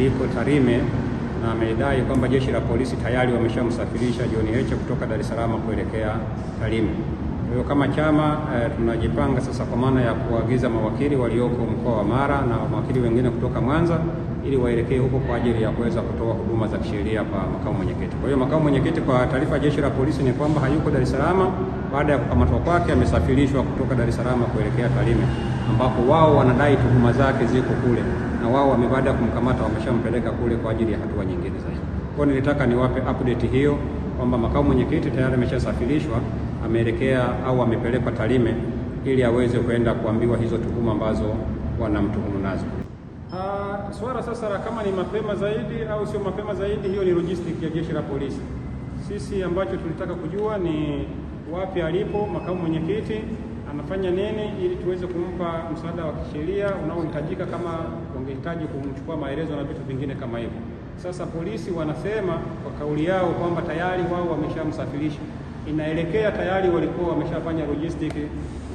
lipo Tarime na amedai kwamba jeshi la polisi tayari wameshamsafirisha John Heche kutoka Dar es Salaam kuelekea Tarime. Kwa hiyo kama chama e, tunajipanga sasa kwa maana ya kuagiza mawakili walioko mkoa wa Mara na mawakili wengine kutoka Mwanza ili waelekee huko kwa ajili ya kuweza kutoa huduma za kisheria kwa makamu mwenyekiti. Kwa hiyo makamu mwenyekiti, kwa taarifa ya jeshi la polisi ni kwamba hayuko Dar es Salaam. Baada ya kukamatwa kwake, amesafirishwa kutoka Dar es Salaam kuelekea Tarime, ambapo wao wanadai tuhuma zake ziko kule na wao wamebaada kumkamata wameshampeleka kule kwa ajili ya hatua nyingine zaidi. Kwa nilitaka niwape update hiyo kwamba makamu mwenyekiti tayari ameshasafirishwa ameelekea au amepelekwa Tarime ili aweze kwenda kuambiwa hizo tuhuma ambazo wanamtuhumu nazo. Uh, swala sasa la kama ni mapema zaidi au sio mapema zaidi, hiyo ni logistic ya jeshi la polisi. Sisi ambacho tulitaka kujua ni wapi alipo makamu mwenyekiti anafanya nini ili tuweze kumpa msaada wa kisheria unaohitajika kama wangehitaji kumchukua maelezo na vitu vingine kama hivyo. Sasa polisi wanasema kwa kauli yao kwamba tayari wao wameshamsafirisha, inaelekea tayari walikuwa wameshafanya logistic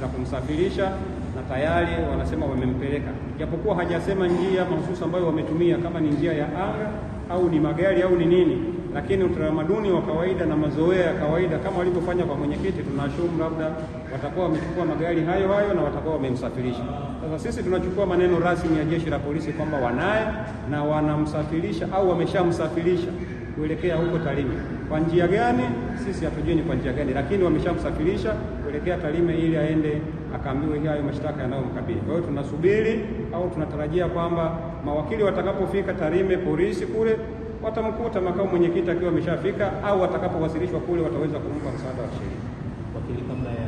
za kumsafirisha na tayari wanasema wamempeleka, japokuwa hajasema njia mahususi ambayo wametumia, kama ni njia ya anga au ni magari au ni nini lakini utamaduni wa kawaida na mazoea ya kawaida kama walivyofanya kwa mwenyekiti, tunashumu labda watakuwa wamechukua magari hayo hayo na watakuwa wamemsafirisha. Sasa sisi tunachukua maneno rasmi ya jeshi la polisi kwamba wanaye na wanamsafirisha au wameshamsafirisha kuelekea huko Tarime. Kwa njia gani? Sisi hatujui ni kwa njia gani, lakini wameshamsafirisha kuelekea Tarime ili aende akaambiwe hayo mashtaka yanayomkabili. Kwa hiyo tunasubiri au tunatarajia kwamba mawakili watakapofika Tarime polisi kule watamkuta makamu mwenyekiti akiwa ameshafika au watakapowasilishwa kule wataweza kumpa msaada wa kisheria.